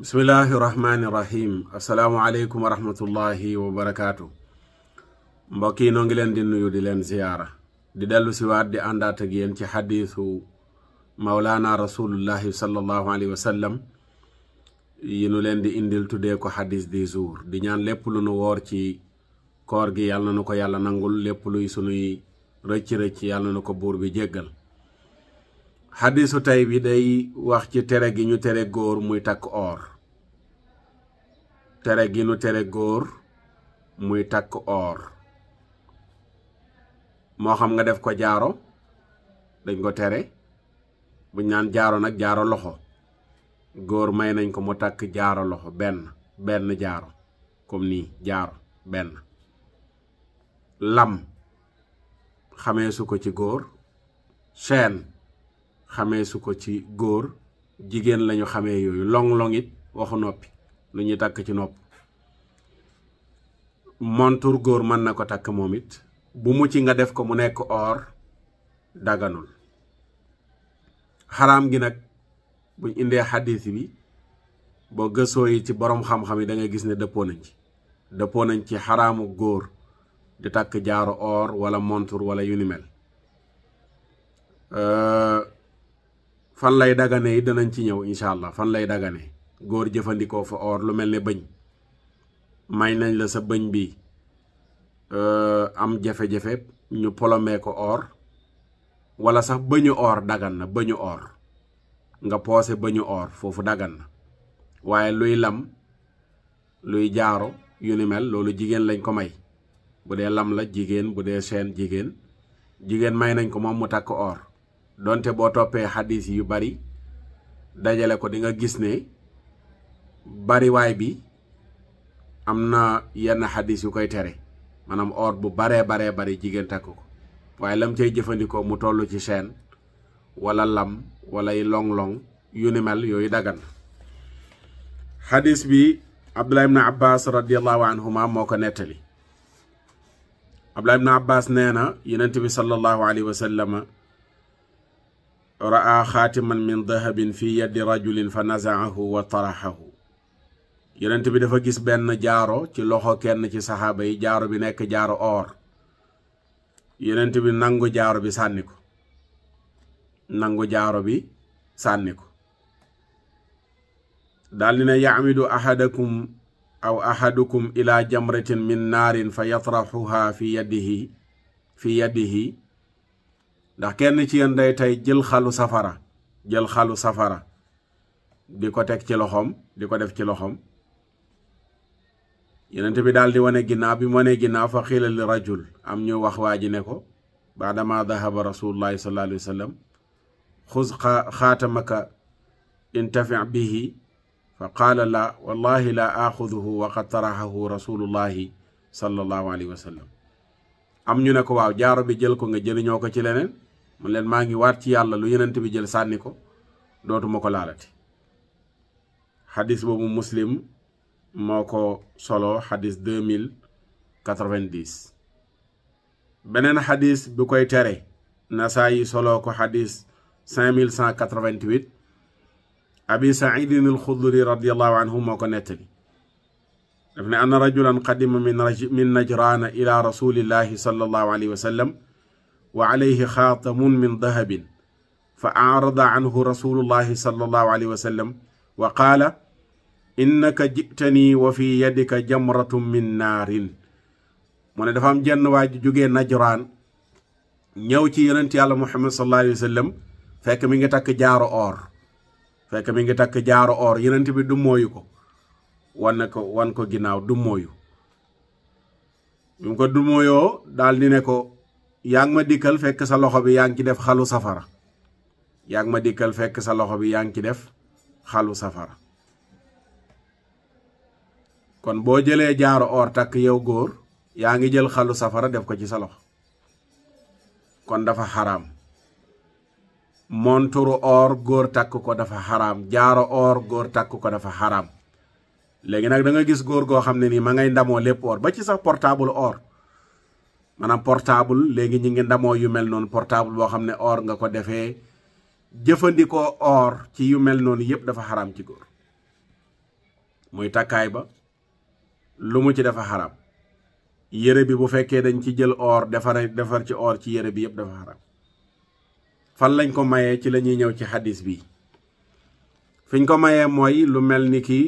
bismillahi rahmaani rahim asalaamualeykum wa rahmatullahi wa barakaatu mbokk yi noo ngi leen di nuyu di leen ziyaara di dellu waat di àndaat ak yéen ci xadiisu mawlaana rasulullahi sallallahu alayhi wa sallam yi nu leen di indil tuddee ko xadiis di jour di ñaan lépp lu nu woor ci koor gi yàlla na nu ko yàlla nangul lépp luy sunuy rëcc-rëcc yàlla na nu ko buur bi jéggal xadisu tey bi day wax ci tere gi ñu tere góor muy takk or tere gi ñu tere góor muy takk or moo xam nga def ko jaaro dañ ko tere buñ naan jaaro nag jaaro loxo góor may nañ ko mu takk jaaro loxo benn benn jaaro comme nii jaaro benn lam xamee su ko ci góor chaîne xamee su ko ci góor jigéen lañu xamee yooyu long-long waxu noppi lu ñuy takk ci nopp montur góor mën na ko takk moom it bu mucc nga def ko mu nekk or dagganul xaraam gi nag buñ indee xadis bi boo gësoo yi ci boroom xam-xam yi dangay gis ne dëppoo nañ ci dëppoo nañ ci xaraamu góor di takk jaaru or wala montur wala yu mel. Euh, fan lay dagane yi danañ ci ñëw incha allah fan lay dagane góor jëfandikoo fa or lu mel ne bëñ may nañ la sa bëñ bi euh, am jafe-jafe ñu polomee ko or wala sax bëñu or dagan na bëñu or nga poose bëñu or foofu daggan na waaye luy lam luy jaaro yu ni mel loolu jigéen lañ ko may bu dee lam la jigéen bu dee chaîne jigéen jigéen may nañ ko moom mu takk or donte boo toppee xadis yu bari dajale ko di nga gis ne bariwaay bi am na yenn xadis yu koy tere maanaam or bu bare baree bari jigéen takk ko waaye lam cay jëfandikoo mu toll ci chaîne walla lam wala y long-long yu ni mel yooyu dagan xadis bi abdullah ibn abbas radiallahu anhuma moo ko nettali abdullah ibn abbas nee na yonent bi sallallahu alayhi wa raa xaatiman min dahabin fi yaddi rajulin fa nazaahu wa taraxahu yonent bi dafa gis benn jaaro ci loxo kenn ci saxaaba yi jaaro bi nekk jaaro or yonent bi nangu jaaro bi sànni ko nangu jaaro bi sànni ko daldi ne yacmidu ahadakum aw ahadukum ila jamratin min naarin fa yatraxuha fi yadihi fi yadihi ndax kenn ci yéen day tey jël xalu safara jël xalu safara di ko teg ci loxoom di ko def ci loxoom yenent bi daal di wane ginnaaw bi mu wanee ginnaaw fa xiila am ñu wax waa ji ne ko baadama dahaba rasulullahi sallallahu alayhi wa sallam xuz xaatamaka intafi bihi fa qaala la wallahi la axuduhu wa qad taraxahu rasulullahi sallallahu alayhi am ñu ne ko waaw jaaro bi jël ko nga jëriñoo ko ci leneen mun leen maa ngi waat ci yàlla lu yenent bi jël sànni ko dootuma ko laalati xadis boobu muslim moo ko solo xadis mille quatre-vingt-dix beneen xadis bi koy tere nasa yi solo ko xadis mille cent quatre-vingt-huit abi saidin alxudri radiallahu anhu moo ko nettali daf ne anna rajulan qadima min najrana ila rasulillahi sallallahu alayhi wa wa alayhi xaatamun min dahabin fa aarada anhu rasulullahi sallallahu alayhi wa sallam wa qaala innaka jitanii wa fi yadika jamratun min naarin mu ne dafa am jenn waa ji jógee najraan ñëw ci yonent yàlla muhammad sallallahu alayhi wa sallam fekk mi ngi takk jaaro or fekk mi ngi takk jaaro or yonent bi du mooyu ko wan ko wan ko ginnaaw du mooyu bi ko du mooyoo daal di ne ko yaa ngi ma dikkal fekk sa loxo bi yaa ngi ci def xalu safara yaa ngi ma dikkal fekk sa loxo bi yaa ngi ci def xalu safara kon boo jëlee jaaro or takk yow góor yaa ngi jël xalu safara def ko ci sa loxo kon dafa xaraam monturu or góor takk ko dafa xaram jaaro or góor takk ko dafa xaram léegi nag da nga gis góor goo xam ne nii ma ngay ndamoo lépp or ba ci sax portable or maanaam portable léegi ñu ngi ndamoo yu mel noonu portable boo xam ne or nga ko defee jëfandikoo or ci yu mel noonu yépp dafa xaraam ci góor muy takkaay ba lu mu ci dafa xaraam yére bi bu fekkee dañ ci jël or defar defar ci or ci yére bi yépp dafa xaraam fan lañ ko mayee ci la ñuy ñëw ci xadis bi fiñ ko mayee mooy lu mel ni ki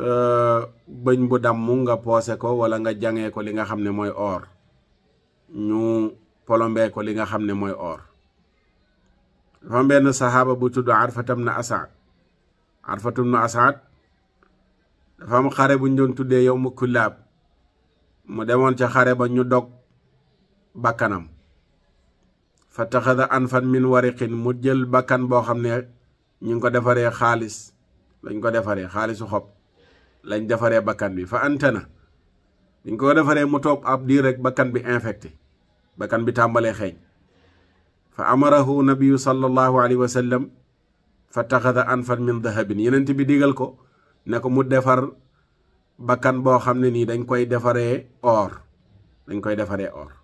euh, bëñ bu damm nga poose ko wala nga jangee ko li nga xam ne mooy or ñu polombee li nga xam ne mooy or dafa am benn saxaaba bu tudd arfatam na asaad arfatum na asaad dafa am xare bu ñu doon tuddee yow mu kullaab mu demoon ca xare ba ñu dog bakkanam fa taxada an fan min wariqin mu jël bakkan boo xam ne ñu ngi ko defaree xaalis lañ ko defaree xaalisu xob lañ defaree bakkan bi fa antana liñ ko defaree mu toog ab diir rek bakkan bi infecté bakkan bi tàmbalee xeeñ fa amarahu nabiyu sallallahu alayhi wa sallam fa taxada anfan min dahabin yenent bi digal ko ne ko mu defar bakkan boo xam ne nii dañ koy defaree or dañ koy defaree or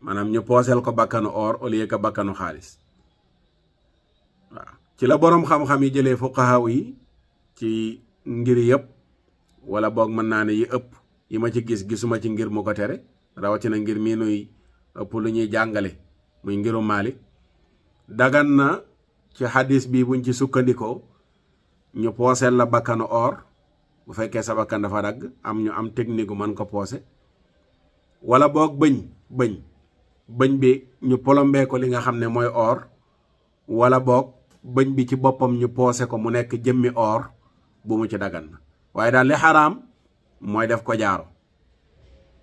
maanaam ñu pooseel ko bakkanu or au lieu que bakkanu xaalis waa ci la boroom xam-xam yi jëlee fuqahaa yi ci ngir yépp wala boog mën naa ne yi ëpp yi ma ci gis gisuma ci ngir mu ko tere rawatina ngir mii nuy ëpp lu ñuy jàngale muy ngiru Maalik daggan na ci xadis bi buñ ci sukkandikoo ñu pooseel la bakkanu or bu fekkee sa bakkan dafa dagg am ñu am technique gu mën ko poose wala boog bëñ bëñ bëñ bi ñu polombee ko li nga xam ne mooy or wala boog bëñ bi ci boppam ñu poose ko mu nekk jëmmi or bu mu ci daggan na waaye daal di xaraam mooy def ko jaaro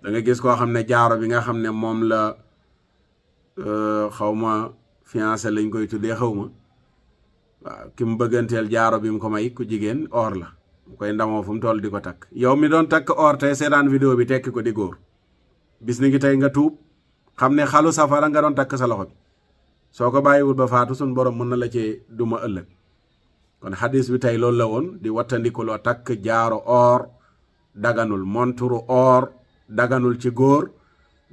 da nga gis koo xam ne jaaro bi nga xam ne moom la euh, xaw ma fiancé lañ koy tuddee xaw ma waaw ki mu bëgganteel jaaro bi mu ko may ku jigéen or la mu koy ndamoo fu mu toll di ko takk yow mi doon takk or tey seetaan vidéo bi tekki ko di góor bis ni ngi tey nga tuub xam ne xalu safara nga doon takk sa loxo bi soo ko bàyyiwul ba faatu suñ borom mën na la cee duma ëllëg kon xadis bi tey loolu la woon di wattandiku wattandikuloo takk jaaro or daganul monturu or daganul ci góor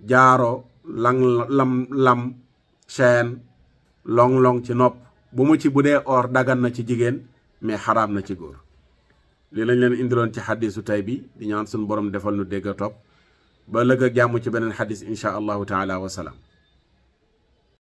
jaaro lang lam lam chaîne long-long ci nopp bu mu ci bu dee or dagan na ci jigéen mais xaraam na ci góor lii lañ leen indiloon ci xadisu tey bi di ñaan suñu borom defal nu dégg a topp ba lëg ak jàmm ci beneen xadis inchaa allahu taala wa